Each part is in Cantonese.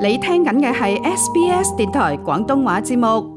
你聽緊嘅係 SBS 電台廣東話節目。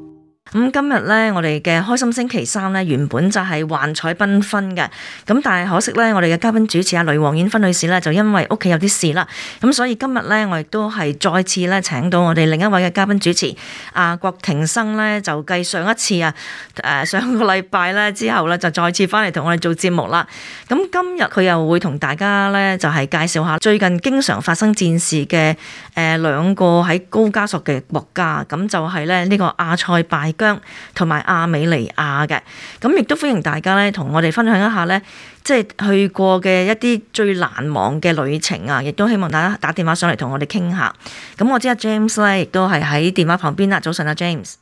咁今日咧，我哋嘅開心星期三咧，原本就係幻彩繽紛嘅。咁但係可惜咧，我哋嘅嘉賓主持阿、啊、呂王燕芬女士咧，就因為屋企有啲事啦。咁所以今日咧，我亦都係再次咧，請到我哋另一位嘅嘉賓主持阿、啊、郭庭生咧，就繼上一次啊，誒、呃、上個禮拜咧之後咧，就再次翻嚟同我哋做節目啦。咁今日佢又會同大家咧，就係、是、介紹下最近經常發生戰事嘅誒、呃、兩個喺高加索嘅國家，咁就係咧呢、這個阿塞拜疆同埋阿美尼亞嘅，咁亦都歡迎大家咧，同我哋分享一下咧，即係去過嘅一啲最難忘嘅旅程啊！亦都希望大家打電話上嚟同我哋傾下。咁我知阿 James 咧，亦都係喺電話旁邊啦。早晨啊，James。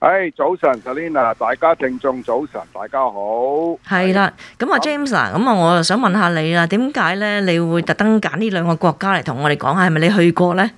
誒，早晨，Selena，大家聽眾早晨，大家好。係啦，咁阿 James 啦，咁啊，我就想問下你啦，點解咧你會特登揀呢兩個國家嚟同我哋講下，係咪你去過咧？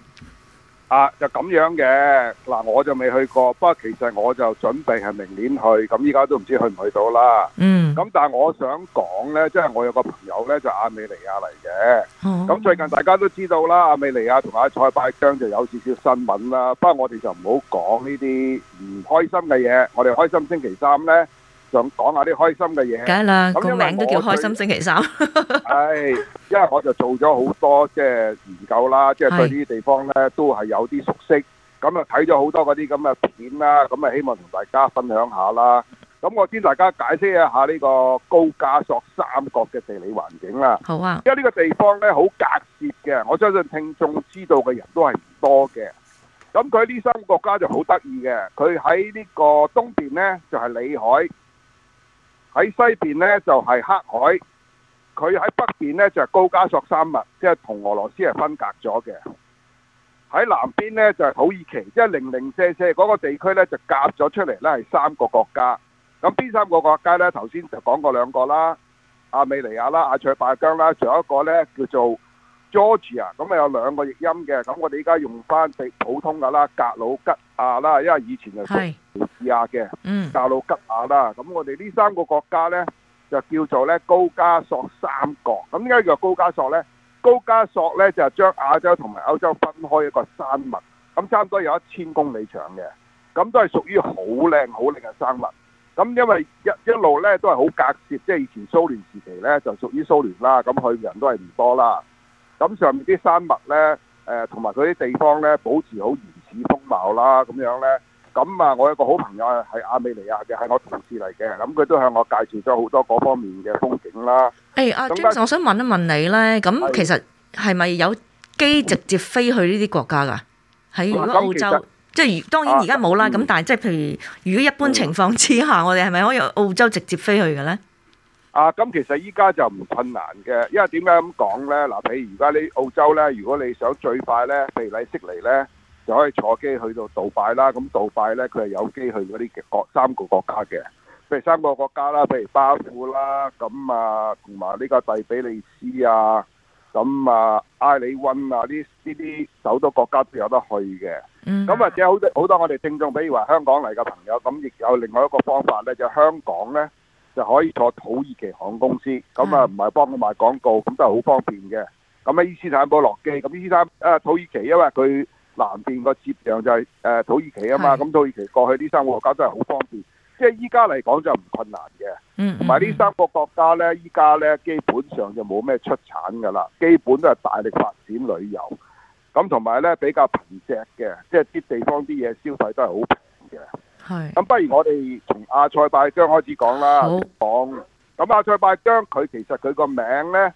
啊，就咁樣嘅。嗱，我就未去過，不過其實我就準備係明年去，咁依家都唔知去唔去到啦。嗯，咁但係我想講呢，即係我有個朋友呢，就阿美尼亞嚟嘅，咁好最近大家都知道啦，阿美尼亞同阿塞拜疆就有少少新聞啦，不過我哋就唔好講呢啲唔開心嘅嘢，我哋開心星期三呢。想講下啲開心嘅嘢，梗係啦，個名都叫開心星期三。係，因為我就做咗好多即係研究啦，即係對呢啲地方咧都係有啲熟悉。咁啊睇咗好多嗰啲咁嘅片啦，咁啊希望同大家分享下啦。咁我先大家解釋一下呢個高加索三國嘅地理環境啦。好啊，因為呢個地方咧好隔絕嘅，我相信聽眾知道嘅人都係唔多嘅。咁佢呢三個國家就好得意嘅，佢喺呢個東邊咧就係裏海。喺西邊呢，就係黑海，佢喺北邊呢，就係高加索山脈，即係同俄羅斯係分隔咗嘅。喺南邊呢，就係土耳其，即係零零舍舍嗰個地區呢，就夾咗出嚟呢係三個國家。咁邊三個國家呢？頭先就講過兩個啦，阿美尼亞啦，阿塞拜疆啦，仲有一個呢，叫做。George 啊，咁啊有兩個譯音嘅，咁我哋依家用翻普通㗎啦，格魯吉亞啦，因為以前係蘇聯嘅，是格魯吉亞啦，咁我哋呢三個國家呢，就叫做咧高加索三國。咁點解叫高加索呢？高加索呢，就將、係、亞洲同埋歐洲分開一個山脈，咁差唔多有一千公里長嘅，咁都係屬於好靚好靚嘅山脈。咁因為一一路呢，都係好隔絕，即、就、係、是、以前蘇聯時期呢，就屬於蘇聯啦，咁佢人都係唔多啦。咁上面啲山脈咧，誒同埋嗰啲地方咧，保持好原始風貌啦，咁樣咧，咁啊，我有個好朋友啊，係亞美尼亞，嘅，係我同事嚟嘅，咁佢都向我介紹咗好多嗰方面嘅風景啦。誒、欸，阿 j a s 我想問一問你咧，咁其實，係咪有機直接飛去呢啲國家噶？喺、嗯、如果澳洲，嗯、即係當然而家冇啦。咁、嗯、但係即係譬如，如果一般情況之下，我哋係咪可以澳洲直接飛去嘅咧？啊，咁其實依家就唔困難嘅，因為點解咁講呢？嗱、啊，譬如而家呢澳洲呢，如果你想最快呢，譬如你悉尼呢，就可以坐機去到杜拜啦。咁杜拜呢，佢係有機去嗰啲國三個國家嘅，譬如三個國家啦，譬如巴庫啦，咁啊同埋呢個第比利斯啊，咁啊埃里溫啊，呢呢啲首都國家都有得去嘅。咁或者好多好多我哋聽眾，比如話香港嚟嘅朋友，咁亦有另外一個方法呢，就是、香港呢。就可以坐土耳其航空公司，咁啊唔係幫佢賣廣告，咁都係好方便嘅。咁喺伊斯坦堡落機，咁伊斯坦啊土耳其，因為佢南邊個接壤就係誒土耳其啊嘛，咁是土耳其過去呢三個國家都係好方便，即係依家嚟講就唔困難嘅。同埋呢三個國家咧，依家咧基本上就冇咩出產噶啦，基本都係大力發展旅遊，咁同埋咧比較平價嘅，即係啲地方啲嘢消費都係好平嘅。咁不如我哋從阿塞拜疆開始講啦，講咁好阿塞拜疆佢其實佢個名呢，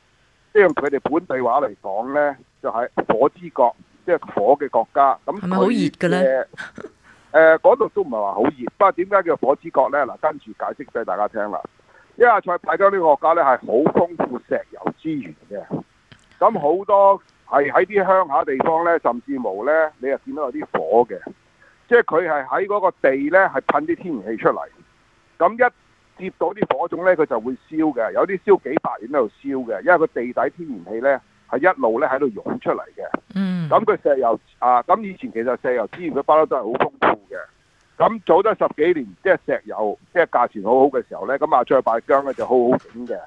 即係用佢哋本地話嚟講呢，就係火之國，即係火嘅國家。咁係咪好熱嘅呢？嗰度、呃、都唔係話好熱，不過點解叫火之國呢？嗱，跟住解釋俾大家聽啦。因為阿塞拜疆呢個國家呢，係好豐富石油資源嘅，咁好多係喺啲鄉下地方呢，甚至無呢，你又見到有啲火嘅。即係佢係喺嗰個地呢，係噴啲天然氣出嚟，咁一接到啲火種呢，佢就會燒嘅。有啲燒幾百年喺度燒嘅，因為個地底天然氣呢，係一路呢喺度湧出嚟嘅。咁佢、嗯、石油啊，咁以前其實石油資源佢包得都係好豐富嘅。咁早咗十幾年，即係石油，即係價錢好好嘅時候呢，咁啊，阿塞拜疆呢，就好好景嘅。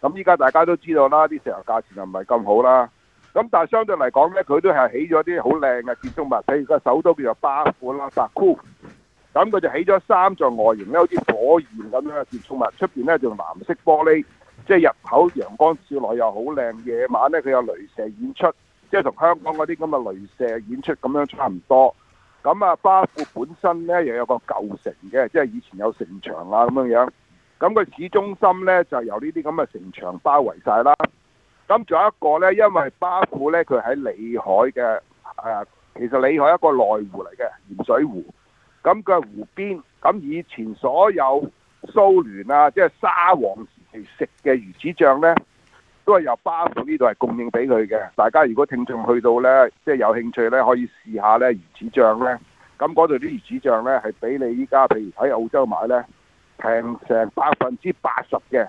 咁依家大家都知道啦，啲石油價錢就唔係咁好啦。咁但係相對嚟講呢，佢都係起咗啲好靚嘅建築物，比如個首都叫做巴庫啦，巴庫，咁佢就起咗三座外形，好似火焰咁樣嘅建築物，出邊呢，就藍色玻璃，即係入口陽光照落又好靚，夜晚呢，佢有鐳射演出，即係同香港嗰啲咁嘅鐳射演出咁樣差唔多。咁啊，巴庫本身呢，又有個舊城嘅，即係以前有城牆啊咁樣樣。咁佢市中心呢，就由呢啲咁嘅城牆包圍晒啦。咁仲有一個呢，因為巴庫呢，佢喺裏海嘅誒、啊，其實裏海一個內湖嚟嘅鹽水湖。咁、嗯、佢係湖邊，咁、嗯、以前所有蘇聯啊，即、就、係、是、沙皇時期食嘅魚子醬呢，都係由巴庫呢度係供應俾佢嘅。大家如果聽眾去到呢，即係有興趣呢，可以試下呢魚子醬呢。咁嗰度啲魚子醬呢，係比你依家譬如喺澳洲買呢，平成百分之八十嘅。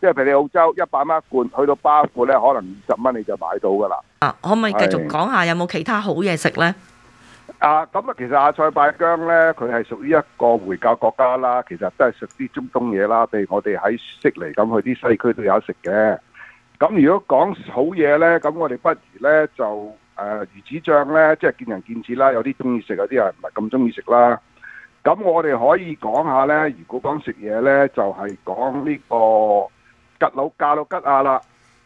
即係譬如你澳洲一百蚊一罐，去到巴庫咧，可能二十蚊你就買到噶啦。啊，可唔可以繼續講下有冇其他好嘢食咧？啊，咁啊，其實阿塞拜疆咧，佢係屬於一個回教國家啦，其實都係食啲中東嘢啦。譬如我哋喺悉尼咁，去啲西區都有食嘅。咁如果講好嘢咧，咁我哋不如咧就誒魚子醬咧，即係見仁見智啦。有啲中意食，有啲人唔係咁中意食啦。咁我哋可以講下咧，如果講食嘢咧，就係講呢個。格魯吉亞啦，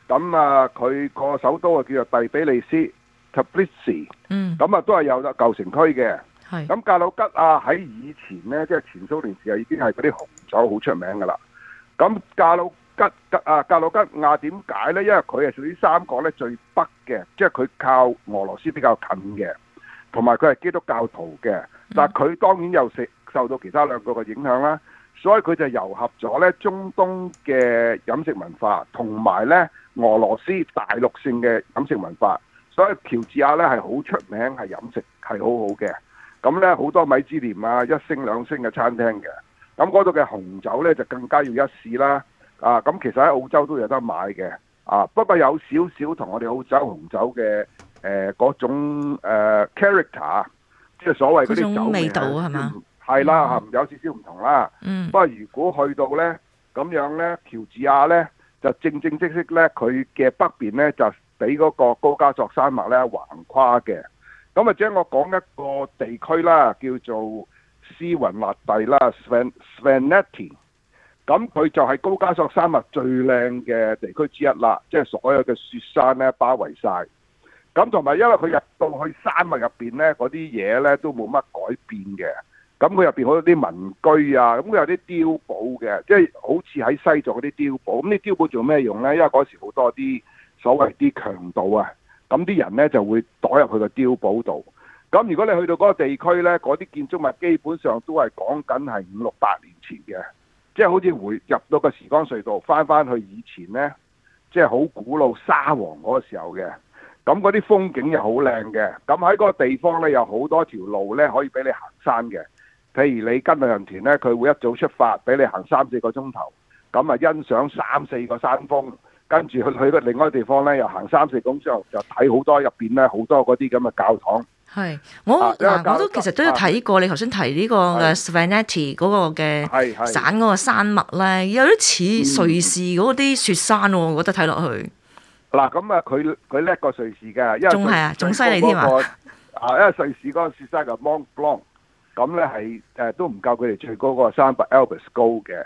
咁啊佢個首都啊叫做蒂比利斯 （Tbilisi），咁啊都係有個舊城區嘅。咁是格魯吉亞喺以前呢，即係前蘇聯時候已經係嗰啲紅酒好出名噶啦。咁格魯吉格啊格魯吉亞點解呢？因為佢係屬於三個咧最北嘅，即係佢靠俄羅斯比較近嘅，同埋佢係基督教徒嘅，但係佢當然又受受到其他兩個嘅影響啦。所以佢就糅合咗咧中東嘅飲食文化，同埋咧俄羅斯大陸性嘅飲食文化。所以喬治亞咧係好出名，係飲食係好好嘅。咁咧好多米芝蓮啊一星兩星嘅餐廳嘅。咁嗰度嘅紅酒咧就更加要一試啦。啊，咁其實喺澳洲都有得買嘅。啊，不過有少少同我哋澳洲紅酒嘅誒各種、呃、character，即係所謂嗰啲酒味。味道係嘛？係啦，係有少少唔同啦。不過、mm. 如果去到呢，咁樣呢，喬治亞呢，就正正式式呢，佢嘅北邊呢，就俾嗰個高加索山脈呢橫跨嘅。咁或者我講一個地區啦，叫做斯雲納蒂啦 （Svaneti）。咁佢就係高加索山脈最靚嘅地區之一啦，即係所有嘅雪山呢，包圍晒。咁同埋因為佢入到去山脈入邊呢，嗰啲嘢呢，都冇乜改變嘅。咁佢入邊好多啲民居啊，咁佢有啲碉堡嘅，即係好似喺西藏嗰啲碉堡。咁啲碉堡做咩用咧？因為嗰時好多啲所謂啲強盜啊，咁啲人咧就會躲入去個碉堡度。咁如果你去到嗰個地區咧，嗰啲建築物基本上都係講緊係五六百年前嘅，即係好似回入到個時光隧道，翻翻去以前咧，即係好古老沙皇嗰個時候嘅。咁嗰啲風景又好靚嘅，咁喺嗰個地方咧有好多條路咧可以俾你行山嘅。譬如你跟旅行團咧，佢會一早出發，俾你行三四個鐘頭，咁啊欣賞三四個山峰。跟住去去到另外地方咧，又行三四個鐘之後，就睇好多入邊咧好多嗰啲咁嘅教堂。係，我嗱我都其實都有睇過你頭先提呢個嘅 Svaneti 嗰個嘅係係山嗰個山脈咧，有啲似瑞士嗰啲雪山喎，我覺得睇落去。嗱咁啊，佢佢叻過瑞士㗎，因為仲係啊，仲犀利添啊！啊，因為瑞士嗰個雪山就 Mont Blanc。咁咧係誒都唔夠佢哋最高嗰個三百 Elbrus 高嘅，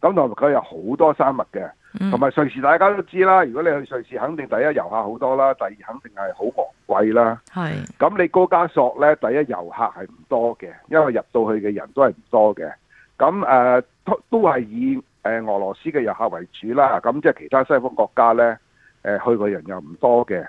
咁同埋佢有好多生物嘅，同埋、嗯、瑞士大家都知啦，如果你去瑞士，肯定第一遊客好多啦，第二肯定係好昂貴啦。係是，咁你高加索咧，第一遊客係唔多嘅，因為入到去嘅人都係唔多嘅，咁誒、啊、都都係以誒俄羅斯嘅遊客為主啦，咁即係其他西方國家咧誒去嘅人又唔多嘅。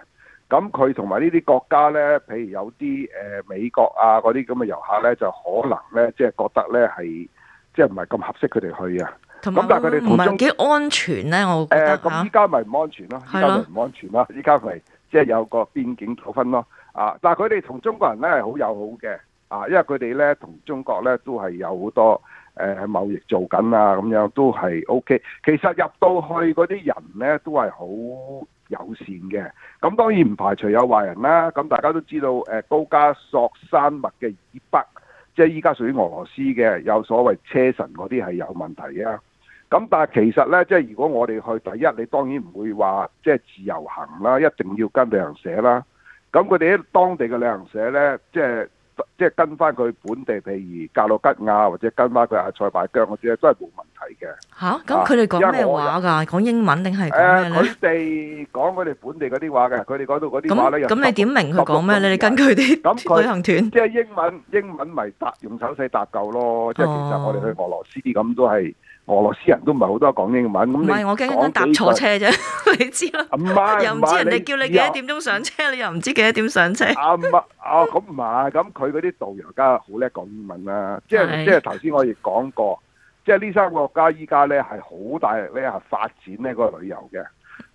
咁佢同埋呢啲國家咧，譬如有啲誒、呃、美國啊嗰啲咁嘅遊客咧，就可能咧、即係，即係覺得咧係即係唔係咁合適佢哋去啊？咁有但係佢哋同唔係幾安全咧？我覺得咁依家咪唔安全咯？依家咪唔安全咯！依家咪即係有個邊境糾紛咯。啊，但係，佢哋同中國人咧係好友好嘅。啊，因為佢哋咧同中國咧都係有好多誒、呃、貿易做緊啊，咁樣都係 OK。其實入到去嗰啲人咧都係好。友善嘅，咁當然唔排除有壞人啦。咁大家都知道，誒高加索山脈嘅以北，即係依家屬於俄羅斯嘅，有所謂車臣嗰啲係有問題嘅。咁但係其實呢，即係如果我哋去第一，你當然唔會話即係自由行啦，一定要跟旅行社啦。咁佢哋啲當地嘅旅行社呢，即係。即係跟翻佢本地譬如格魯吉亞或者跟翻佢阿塞拜疆，我知咧，都係冇問題嘅。嚇、啊，咁佢哋講咩話㗎？講英文定係？佢哋講佢哋本地嗰啲話嘅，佢哋講到嗰啲話咧，咁你點明佢講咩咧？你跟佢啲旅行團。即係英文，英文咪搭用手勢搭救咯。即係、哦、其實我哋去俄羅斯咁都係。俄羅斯人都唔係好多講英文，咁唔係我驚緊搭錯車啫，你知啦。唔係，又唔知人哋叫你幾多點鐘上車，你又唔知幾多點上車。啊！啊咁唔係，咁佢嗰啲導遊家好叻講英文啦。即係即係頭先我亦講過，即係呢三個國家依家咧係好大力咧係發展呢個旅遊嘅，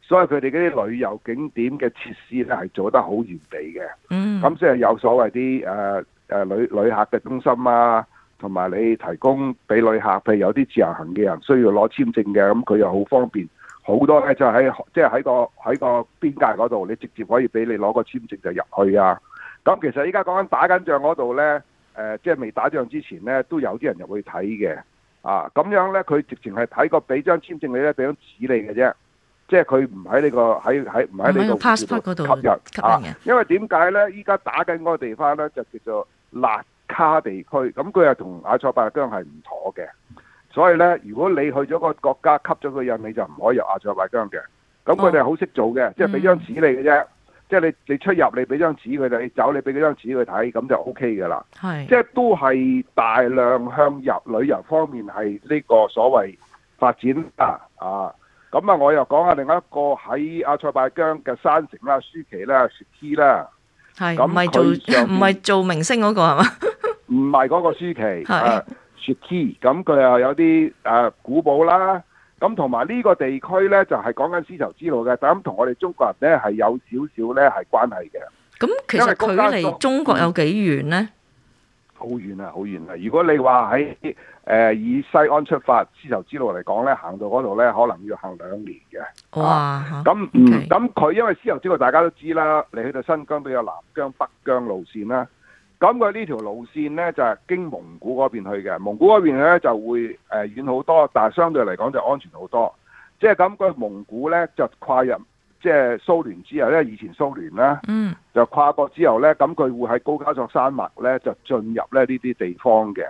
所以佢哋嗰啲旅遊景點嘅設施咧係做得好完美嘅。咁即係有所謂啲誒誒旅旅客嘅中心啊。同埋你提供俾旅客，譬如有啲自由行嘅人需要攞簽證嘅，咁佢又好方便。好多咧就喺即係喺個喺個邊界嗰度，你直接可以俾你攞個簽證就入去啊。咁其實依家講緊打緊仗嗰度咧，誒、呃、即係未打仗之前咧，都有啲人入去睇嘅啊。咁樣咧，佢直情係睇過俾張簽證你，你咧，俾張紙你嘅啫。即係佢唔喺呢個喺喺唔喺呢個 passport 度吸入啊？因為點解咧？依家打緊嗰個地方咧，就叫做辣卡地區，咁佢係同阿塞拜疆係唔妥嘅，所以呢，如果你去咗個國家，吸咗個印，你就唔可以入阿塞拜疆嘅。咁佢哋好識做嘅，即係俾張紙你嘅啫，即係你你出入你俾張紙佢哋你走，你俾佢張紙佢睇，咁就 O K 嘅啦。即係都係大量向入旅遊方面係呢個所謂發展啊啊！咁啊，啊，我又講下另一個喺阿塞拜疆嘅山城啦、舒奇啦、雪鐵啦，係是，咁唔係做唔係做明星嗰個係嘛？ 唔係嗰個書期啊，書期，咁佢又有啲誒古堡啦，咁同埋呢個地區呢，就係講緊絲綢之路嘅，咁同我哋中國人呢，係有少少呢係關係嘅。咁其實距離中國有幾遠呢？好遠啊，好遠啊！如果你話喺誒以西安出發絲綢之路嚟講呢，行到嗰度呢，可能要行兩年嘅。哇！咁咁佢因為絲綢之路大家都知啦，你去到新疆都有南疆、北疆路線啦。咁佢呢條路線呢，就係、是、經蒙古嗰邊去嘅，蒙古嗰邊呢就會誒遠好多，但係相對嚟講就安全好多。即係咁，佢蒙古呢，就跨入即係、就是、蘇聯之後呢，以前蘇聯啦，嗯，就跨國之後呢，咁佢會喺高加索山脈呢，就進入呢呢啲地方嘅。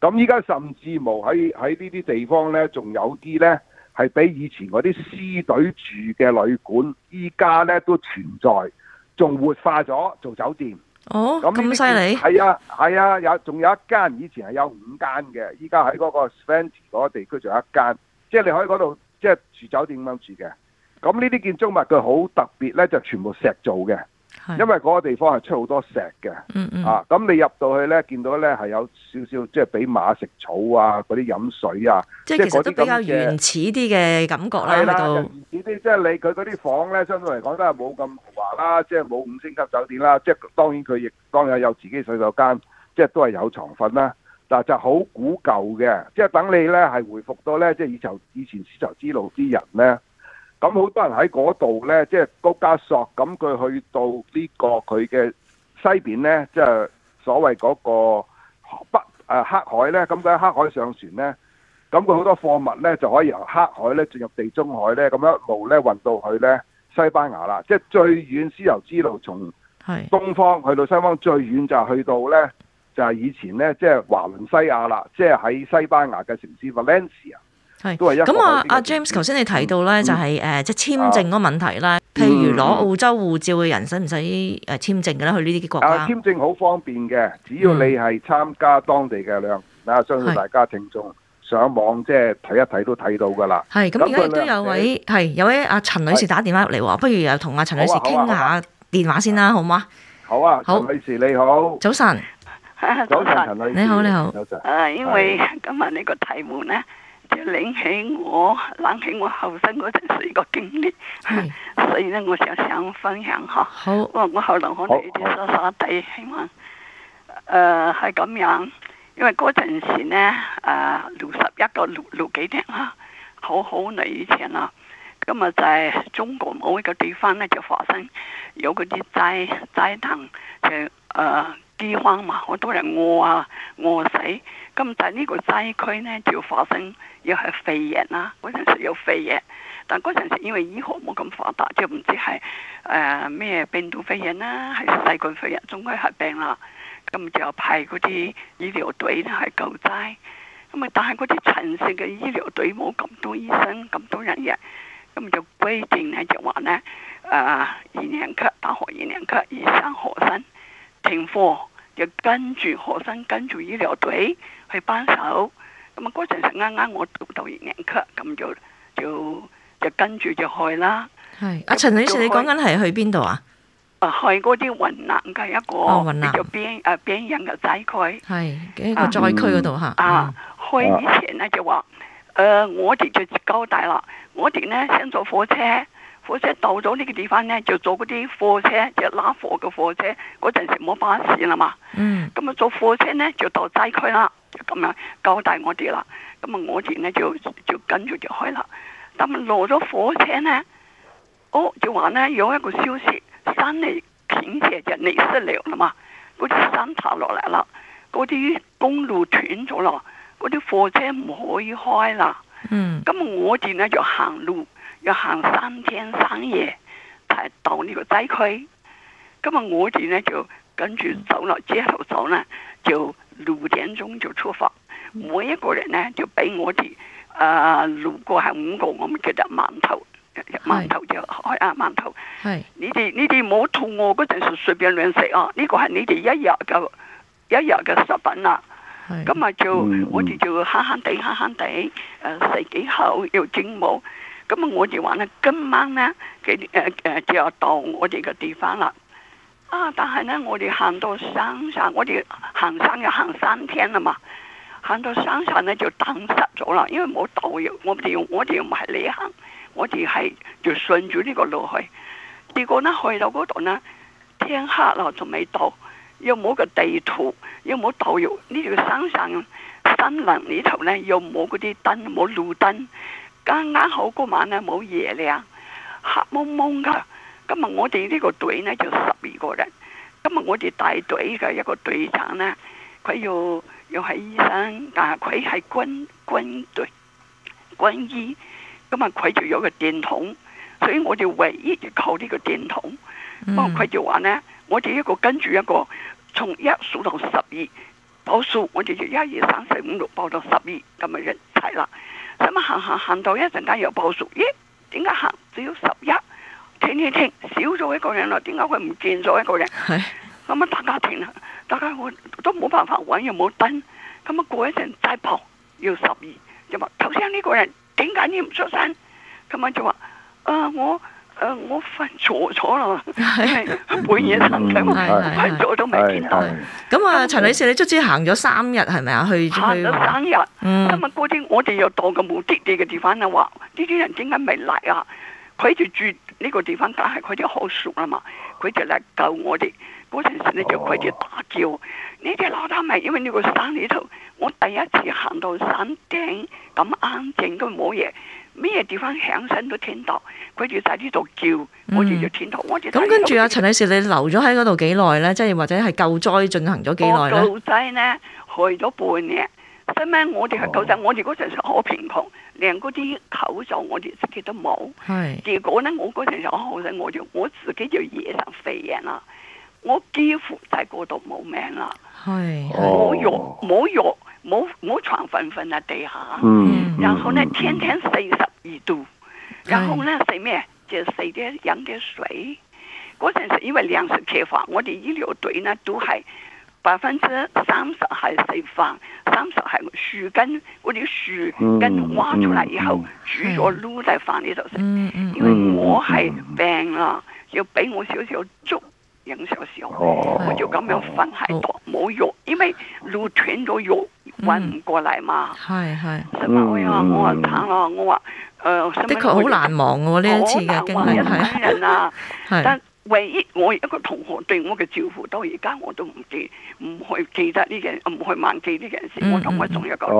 咁依家甚至無喺喺呢啲地方呢，仲有啲呢，係比以前嗰啲師隊住嘅旅館，依家呢都存在，仲活化咗做酒店。哦，咁犀利，係啊，係啊，有，仲有一間以前係有五間嘅，依家喺嗰個 Svaneti 嗰個地區仲有一間，即係你可以嗰度即係住酒店咁樣住嘅，咁呢啲建築物佢好特別咧，就是、全部石造嘅。因為嗰個地方係出好多石嘅，嗯嗯啊，咁你入到去咧，見到咧係有少少即係俾馬食草啊，嗰啲飲水啊，即係嗰啲其實都比較原始啲嘅感覺啦，啊的，就原始啲，即係你佢嗰啲房咧，相對嚟講都係冇咁豪華啦，即係冇五星級酒店啦。即係當然佢亦當然有自己洗手間，即係都係有床瞓啦。但就好古舊嘅，即係等你咧係回復到咧，即係以前以前絲綢之路啲人咧。咁好多人喺嗰度呢，即係高加索，咁佢去到呢個佢嘅西邊呢，即係所謂嗰個北誒、呃、黑海呢。咁佢喺黑海上船呢，咁佢好多貨物呢就可以由黑海呢進入地中海呢。咁一路呢，運到去呢西班牙啦，即係最遠絲綢之路從東方去到西方最遠就去到呢，就係以前呢，即係華倫西亞啦，即係喺西班牙嘅城市 Valencia。係咁啊，阿 James，頭先你提到咧，就係誒，即係簽證個問題啦。譬如攞澳洲護照嘅人，使唔使誒簽證嘅咧？去呢啲國家？簽證好方便嘅，只要你係參加當地嘅量，啊，相信大家聽眾上網即係睇一睇都睇到噶啦。係咁，而家亦都有位係有位阿陳女士打電話入嚟，不如又同阿陳女士傾下電話先啦，好唔好啊？好啊，陳女士你好，早晨，早晨，你好你好。早晨，因為今日呢個題目咧。就諗起我諗起我後生嗰陣時個經歷，嗯、 所以咧我就想分享下。好，我後後可能你啲沙沙底，希望誒係咁樣。因為嗰陣時咧誒六十一個六六幾年啊，好好耐以前啦。咁啊就係中國某一個地方咧就發生有嗰啲災災難，就誒。呃饑荒嘛，好多人餓啊，餓死。咁在呢個災區呢，就發生又係肺炎啦。嗰陣時有肺炎，但嗰陣時因為醫學冇咁發達，就唔知係誒咩病毒肺炎啦，係細菌肺炎，終歸係病啦。咁就派嗰啲醫療隊呢，去救災。咁啊，但係嗰啲城市嘅醫療隊冇咁多醫生，咁多人人。咁就規定呢，就話呢，誒、呃、二年級大學二年級以上學生停課。就跟住學生跟住醫療隊去幫手，咁啊嗰陣時啱啱我讀到一年級，咁就就就跟住就去啦。係，阿、啊、陳就女士，去你講緊係去邊度啊？啊，去嗰啲雲南嘅一個，哦、雲南叫邊啊邊人嘅災區，係嘅一個災區嗰度嚇。啊，去以前呢，就話，誒我哋就交代啦，我哋呢，想坐火車。火車到咗呢個地方咧，就坐嗰啲貨車，就是，拉貨嘅貨車。嗰陣時冇巴士啦嘛，咁啊、嗯、坐貨車咧就到災區啦，咁啊交代我哋啦。咁啊我哋咧就就跟住就開啦。咁落咗火車咧，哦就話咧有一個消息，山泥傾瀉就嚟，是，失了啦嘛，嗰啲山塌落嚟啦，嗰啲公路斷咗咯，嗰啲貨車唔可以開啦。咁、嗯、我哋咧就行路。要行三天三夜，才到呢個災區。咁啊，我哋咧就跟住走啦，之後走啦，就六點鐘就出發。每一個人咧就俾我哋，啊，六個係五個，我們叫做饅頭，饅頭就開啊，饅頭。係你哋你哋冇肚餓嗰陣時，隨便亂食哦。呢個係你哋一日嘅一日嘅食品啦。係咁啊，就我哋就慳慳哋，慳慳哋誒，食幾好，又整冇。咁我哋話呢，今晚呢，佢誒誒，就要到我哋嘅地方啦。啊！但係呢，我哋行到山上，我哋行山要行三天啦嘛。行到山上呢，就蕩失咗啦，因為冇導遊，我哋用我哋唔係你行，我哋係就順住呢個路去。結果呢，去到嗰度呢，天黑啦，仲未到，又冇個地圖，又冇導遊。呢條山上森林裏頭呢，又冇嗰啲燈，又冇路燈。啱啱好嗰晚咧冇月亮，黑蒙蒙噶。今日我哋呢個隊呢，就十二個人。今日我哋帶隊嘅一個隊長呢，佢又又係醫生，但係佢係軍軍隊軍醫。今日佢就有個電筒，所以我哋唯一就靠呢個電筒。咁佢、嗯、就話呢，我哋一個跟住一個，從一數到十二，報數，我哋就一二三四五六，報到十二，咁啊人齊啦。咁啊行行行到一陣間又報數，咦？點解行只要十一？停停停，少咗一個人咯，點解佢唔見咗一個人？咁啊 大家停啦，大家我都冇辦法揾，又冇燈，咁啊過一陣再報，要十二，就話頭先呢個人點解你唔出聲？咁啊就話，啊我。啊、呃！我瞓錯咗啦，半夜三更我瞓咗都未見到。咁啊 陳女士，你足足行咗三日係咪啊？去咗行咗三日。咁啊、嗯，嗰天我哋又到個目的地嘅地方啊，話呢啲人點解未嚟啊？佢、嗯、住住呢個地方，但係佢哋好熟啦嘛，佢就嚟救我哋。嗰陣時咧，就佢就打叫：，呢哋攞得咪？因為呢個山裏頭，我第一次行到山頂咁啱整都冇嘢。咩地方響聲都聽到，佢哋就喺呢度叫，嗯、我哋就聽到。我哋咁跟住阿陳女士，你留咗喺嗰度幾耐咧？即係或者係救災進行咗幾耐咧？救災咧，去咗半年，使咩我哋係救災，oh. 我哋嗰陣時好貧窮，連嗰啲口罩我哋自己都冇。係 Hey. 結果咧，我嗰陣時好幸，我就我自己就惹上肺炎啦，我幾乎喺嗰度冇命啦。係冇藥冇藥。冇冇床瞓，瞓喺地下，嗯，然後呢天天四十二度，嗯、然後呢食咩就食啲飲啲水，嗰陣時因為糧食缺乏，我哋醫療隊呢都係百分之三十係食飯，三十係樹根，我啲樹根挖出來以後煮咗撈在飯裏頭食，嗯、因為我係病啦，嗯、要俾我少少粥飲少少，嗯、我就咁樣瞓喺度冇藥，哦哦、因為滷全咗藥。搵唔過嚟嘛？係係。所以我話我話慘咯，我話誒，嗯、的確好難忘啊。我忘記咗啲人啊， 是 但唯一我一個同學對我嘅照顧，到而家我都唔記，唔去記得呢件事，唔去、這個、忘記呢件事。嗯、我同佢仲有個照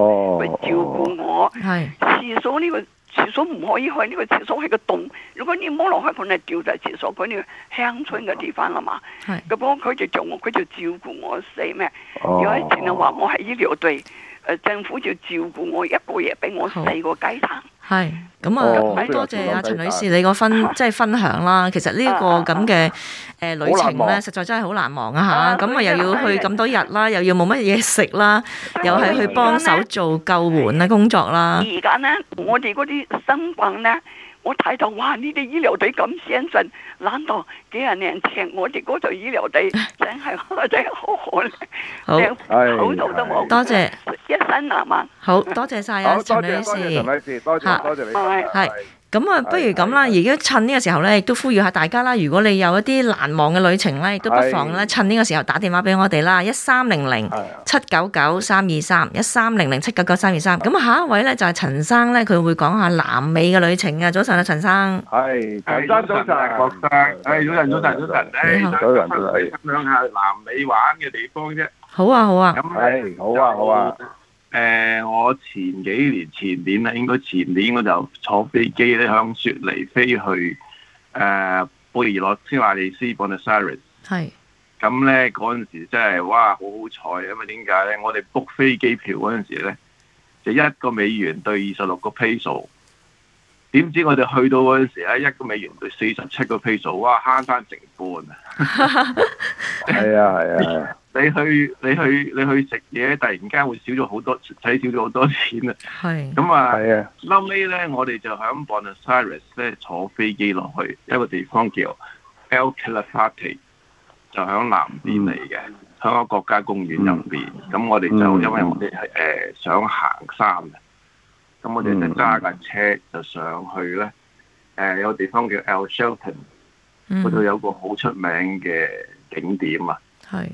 顧我，至少呢個。廁所唔可以去，呢個廁所係個洞。如果你摸落去，佢就掉在廁所。佢哋鄉村嘅地方啊嘛，佢佢、oh. 就照顧佢就照顧我四咩？Oh. 有一次就話我喺醫療隊，誒、呃、政府就照顧我一個月，俾我四個雞蛋。Oh. 係，咁啊，好、嗯哦、多謝阿陳女士你個分，即係分享啦。啊、其實呢一個咁嘅誒旅程咧，實在真係好難忘啊！嚇，咁啊又要去咁多日啦，又要冇乜嘢食啦，以又係去幫手做救援嘅工作啦。而家咧，我哋嗰啲生冠咧。我睇到哇！呢啲醫療隊咁先進，難道幾廿年前我哋嗰隊醫療隊真係真係好可憐。好，冇。多謝，一生難忘。好多謝曬啊，陳女士，嚇，多謝，多謝你，係。 咁啊，不如咁啦，而家趁呢個時候咧，亦都呼籲下大家啦。如果你有一啲難忘嘅旅程咧，亦都不妨咧，趁呢個時候打電話俾我哋啦，一三零零七九九三二三，一三零零七九九三二三。咁啊，下一位咧就係陳生咧，佢會講下南美嘅旅程啊。早晨啊，陳生。係，陳生早晨，郭生，係早晨，早晨，早晨，早晨，早晨，早晨，分享下南美玩嘅地方啫。好啊，好啊。係，好啊，好啊。誒，uh, 我前幾年前年咧，應該前年我就坐飛機咧，向雪梨飛去，誒，uh, 布宜諾斯艾利斯 Buenos Aires。係。咁咧嗰陣時真係哇，好好彩！因為點解咧？我哋 book 飛機票嗰陣時咧，就一個美元兌二十六個 peso。點知我哋去到嗰陣時咧，一個美元兌四十七個 peso，哇，慳翻成半啊！係啊，係啊。你去你去你去食嘢，突然間會少咗好多，使少咗好多錢是啊！係咁啊，嬲尾咧，我哋就喺 Buenos Aires 咧坐飛機落去一個地方叫 El Calafate，就喺南邊嚟嘅，喺個、嗯、國家公園入邊。咁、嗯、我哋就、嗯、因為我哋係誒想行山，咁我哋就揸架車就上去咧。誒、呃、有個地方叫 El Chaltén，嗰度有個好出名嘅景點啊！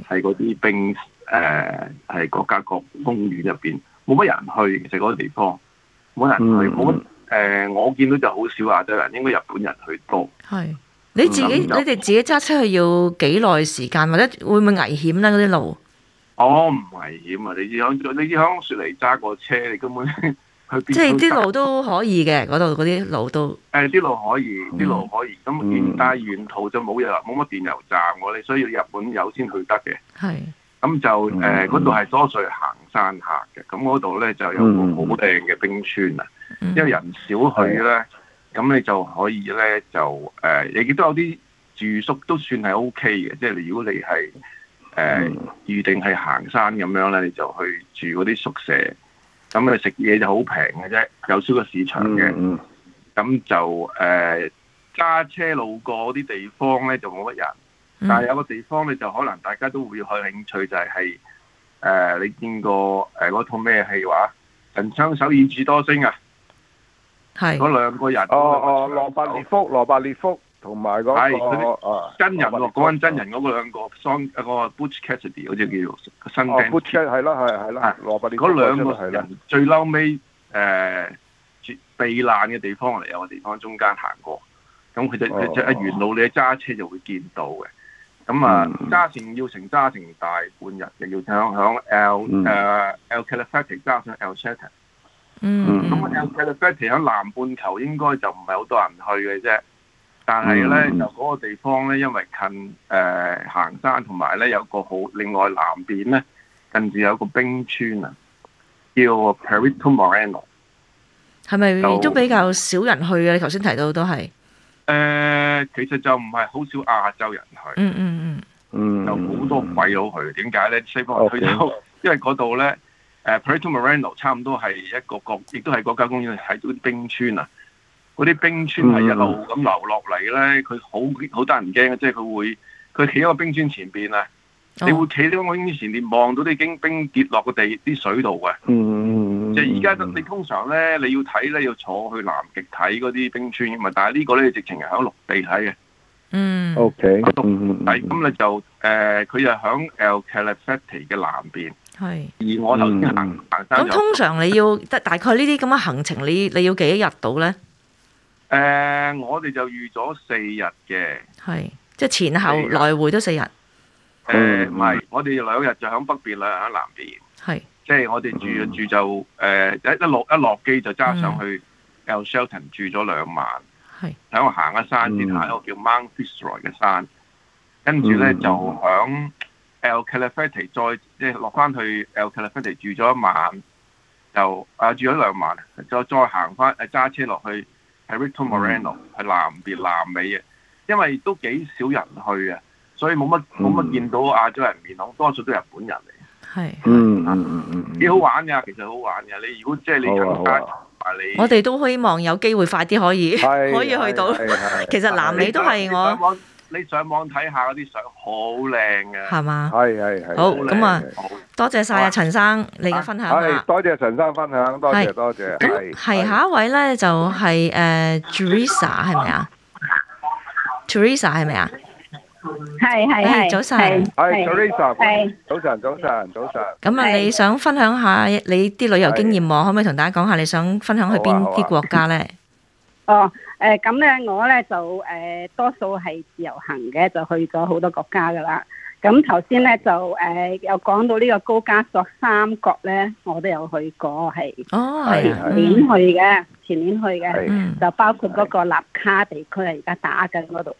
係嗰啲冰誒，係國家國公園入邊，冇乜人去，其實嗰個地方冇人去。我誒、嗯呃，我見到就好少亞洲人，應該日本人去多。係你自己，你哋自己揸車去要幾耐時間，或者會唔會危險咧？嗰啲路？我唔、哦、危險啊！你知響你知響雪梨揸個車，你根本。即係啲路都可以嘅，嗰度嗰啲路都，誒、嗯，啲路可以，啲路可以，咁但係沿途就冇嘢啦，冇乜電油站，我哋需要日本油先去得嘅。係是，咁就誒，嗰度係多數行山客嘅，咁嗰度咧就有個好靚嘅冰川啊，嗯、因為人少去咧，咁是你就可以咧就誒，亦、呃、都有啲住宿都算係 O K 嘅，即係如果你係誒預訂係行山咁樣咧，你就去住嗰啲宿舍。咁你食嘢就好平嘅啫，有少個市場嘅，咁、嗯嗯、就誒，揸、呃、車路過啲地方咧就冇乜人，嗯、但係有個地方咧就可能大家都會有興趣就係、是、誒、呃，你見過誒嗰、呃、套咩戲話？神槍手與智多星啊，係嗰兩個人哦哦，羅、哦、伯列福，羅伯列福。同埋嗰個真人喎，講緊真人嗰個兩個，雙個 Butch Cassidy 好似叫新病。Butch 係咯，係係咯。嗰兩個人最嬲尾誒避難嘅地方嚟，有個地方中間行過。咁佢就一沿路，你揸車就會見到嘅。咁啊，揸成要成揸成大半日嘅，要響響 El 誒 El Calafate 加上 El Chaltén 嗯。咁 El Calafate 喺南半球應該就唔係好多人去嘅啫。但係咧，就嗰個地方咧，因為近誒、呃、行山，同埋咧有個好另外南邊咧近住有個冰川啊，叫 Perito Moreno。係咪都比較少人去嘅？你頭先提到都係誒，其實就唔係好少亞洲人去。嗯，嗯嗯嗯，嗯，有好多鬼佬去。點解咧？西方 Okay. 因為嗰度咧，誒、呃、Perito Moreno 差唔多係一個國，亦都係國家公園，喺度冰川啊。嗰啲冰川係一路咁流落嚟嘅咧，佢好好得人驚嘅，即係佢會佢企喺個冰川前邊啊，你會企喺我冰前邊望到啲冰冰結落個地啲水度嘅。即係而家你通常咧，你要睇咧，要坐去南極睇嗰啲冰川嘅嘛，但係呢個咧直情係喺陸地睇嘅、mm. 嗯嗯。嗯，OK，陸地咁你就誒，佢就喺 El Calafate 嘅南邊，而我就行咁通常你要得大概呢啲咁嘅行程，你你要幾多日到咧？誒，uh, 我哋就預咗四日嘅，係即係前後來回都四日。誒、uh, mm，唔、hmm. 係，我哋兩日就響北邊，兩日喺南邊。係、mm，即、hmm. 係我哋住嘅住就誒、uh,，一一落一落機就揸上去，El Shelton 住咗兩晚。係、mm，喺、hmm. 度行下山，mm hmm. 先行一個叫 Mount Fitzroy 嘅山。跟呢、mm hmm. 住咧就響 El Calafate 再即係落翻去 El Calafate 住咗一晚，又啊住咗兩晚，再再行翻誒揸車落去。係 Rito Moreno，係南邊南美嘅。因為都幾少人去啊，所以冇乜冇乜見到亞洲人面孔，多數都日本人嚟。係是、嗯嗯，嗯嗯嗯嗯，幾好玩㗎，其實好玩㗎。你如果即係你參加、啊啊、你我哋都希望有機會快啲可以是 可以去到。 其實南美都係我。你上網睇下嗰啲相好靚嘅，係嘛？係係係好。咁啊，多謝晒啊，陳生，你嘅分享。多謝陳生分享，多謝多謝。係下一位咧，就係誒，Teresa 係咪啊？Teresa 係咪啊？係係係早晨，係 Teresa。早晨，早晨，早晨。咁啊，你想分享下你啲旅遊經驗嘛？可唔可以同大家講下你想分享去邊啲國家咧？哦，誒，咁咧我咧就誒，多數係自由行嘅，就去咗好多國家噶啦。咁頭先咧就誒，又講到呢個高加索三國咧，我都有去過，係哦，係年去嘅，前年去嘅，就包括嗰個納卡地區係而家打緊嗰度，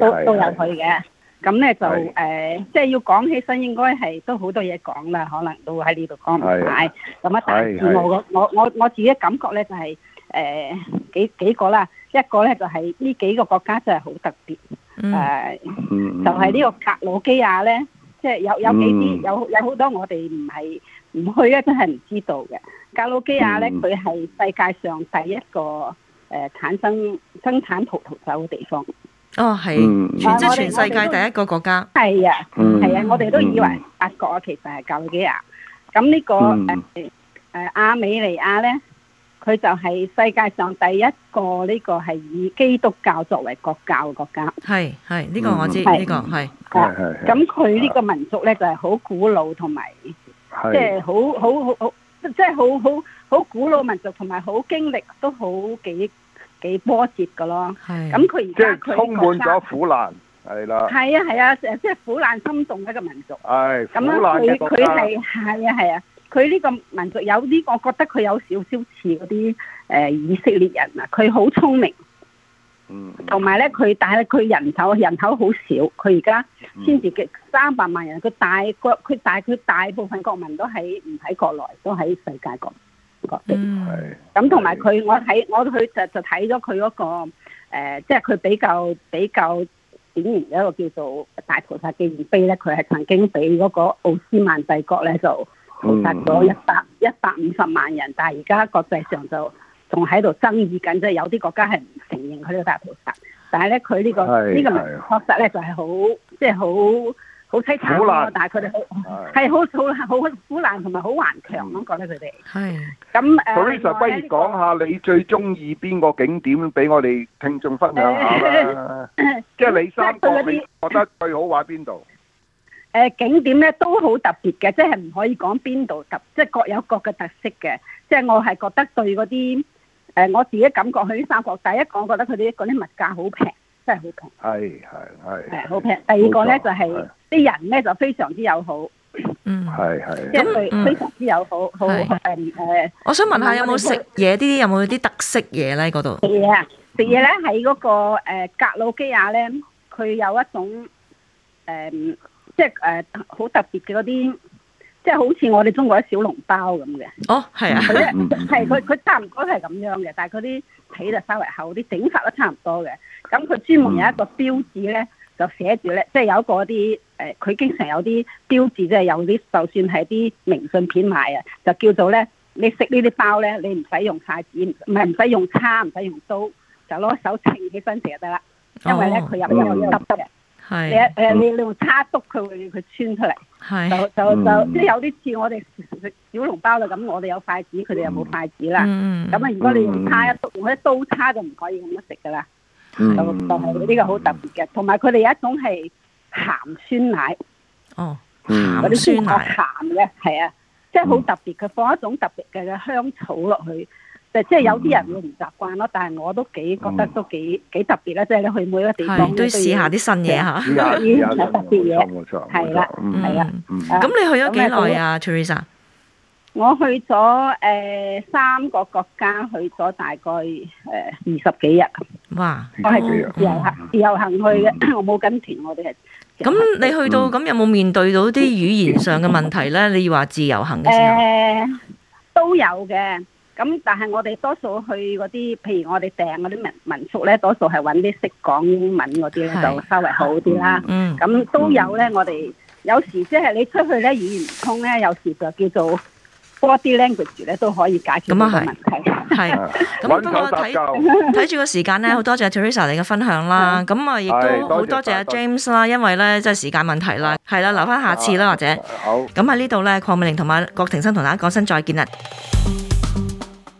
都都有去嘅。咁咧就誒，即係要講起身，應該係都好多嘢講啦，可能都喺呢度講唔晒。咁啊，但係我我我我自己感覺咧就係。誒，幾幾個啦？一個咧就係呢幾個國家真係好特別，誒，就係呢個格魯吉亞咧，即係有有幾啲有有好多我哋唔係唔去咧，真係唔知道嘅。格魯吉亞咧，佢係世界上第一個誒產生生產葡萄酒嘅地方。哦，係全即係全世界第一個國家。係啊，係啊，我哋都以為法國其實係格魯吉亞。咁呢個誒誒，阿美尼亞咧。佢就係世界上第一個呢個係以基督教作為國教嘅國家。係係，呢個我知，呢個係。係係係。咁佢呢個民族咧就係好古老同埋，即係好好好好，即係好好好古老民族，同埋好經歷都好幾幾波折㗎咯。係。咁佢而家佢充滿咗苦難，係啦。係啊係啊，誒，即係苦難深重一個民族。係苦難嘅國家。咁啊，佢佢係係啊係啊。佢呢個民族有啲我覺得佢有少少似嗰啲誒以色列人啊！佢好聰明，嗯，同埋咧佢但係佢人口人口好少，佢而家先至嘅三百萬人，佢大國佢但佢大部分國民都喺唔喺國內，都喺世界各國，嗯，咁同埋佢，我睇我佢就就睇咗佢嗰個誒即係佢比較比較典型嘅一個叫做大屠殺紀念碑咧，佢係曾經俾嗰個奧斯曼帝國咧就。嗯、屠殺咗一百一百五十萬人，但係而家國際上就仲喺度爭議緊，即係有啲國家係唔承認佢呢個大屠殺，但係咧佢呢個呢個確實咧就係好即係好好淒慘，但係佢哋好係好好好苦難同埋好頑強，咁講得佢哋係。咁誒 Professor 不如講下你最中意邊個景點俾我哋聽眾分享下即係 你三個你覺得最好話邊度？誒景點咧都好特別嘅，即係唔可以講邊度特，即係各有各嘅特色嘅。即係我係覺得對嗰啲誒我自己感覺，去啲三國，第一個我覺得佢哋嗰啲物價好平，真係好平。係係係。係好平。第二個咧就係啲人咧就非常之友好。嗯係係。即係對非常之友好，好誒我想問下有冇食嘢？啲啲有冇啲特色嘢咧嗰度？食嘢啊！食嘢咧喺嗰個格魯吉亞咧，佢有一種誒。即係誒好特別嘅嗰啲，即係好似我哋中國啲小籠包咁嘅。哦，係啊，佢咧係佢佢差唔多係咁樣嘅，但係佢啲皮就稍微厚啲，整法都差唔多嘅。咁佢專門有一個標誌咧，就寫住咧，即係有一個啲誒，佢、呃、經常有啲標誌，即、就、係、是、有啲就算係啲明信片賣啊，就叫做咧，你食呢啲包咧，你唔使用，用筷子，唔係唔使用叉，唔使用，用刀，就攞手掟起身就得啦。哦哦、因為咧，佢入面有粒粒嘅。係，誒你、嗯、你用叉篤佢會佢穿出嚟是，就就就即係有啲似我哋 小籠包就咁，我哋有筷子，佢哋、嗯、又冇筷子啦。咁啊、嗯，如果你用叉一篤，嗯、用啲刀叉就唔可以咁樣食噶啦。就就係呢、這個好特別嘅，同埋佢哋有一種係鹹酸奶。哦，鹹酸奶，鹹嘅，係啊，即係好特別，佢、嗯、放一種特別嘅香草落去。即係有啲人會唔習慣咯，但係我都幾覺得都幾幾特別啦。即係你去每一個地方都要試下啲新嘢吓，有啲特別嘢。冇錯，係啦，係啦。咁你去咗幾耐啊，Teresa？我去咗誒三個國家，去咗大概誒二十幾日。哇！我係自由行，自由行去嘅，我冇跟團。我哋係。咁你去到咁有冇面對到啲語言上嘅問題咧？你話自由行嘅時候。誒都有嘅。咁但係我哋多數去嗰啲，譬如我哋訂嗰啲民民宿咧，多數係揾啲識講英文嗰啲咧，是就稍微好啲啦，嗯。咁都有咧，嗯、我哋們有時即係你出去咧，語言唔通咧，有時就叫做 body language 咧，都可以解決嗰個問題是。咁啊， 咁不過睇睇住個時間咧，好多謝 Teresa 你嘅分享啦。咁啊， 亦都好多謝阿 James 啦，因為咧即係時間問題啦。係啦，留翻下次啦，或者。啊、好。咁喺呢度咧，鄺美玲同埋郭庭生同大家講聲再見啦。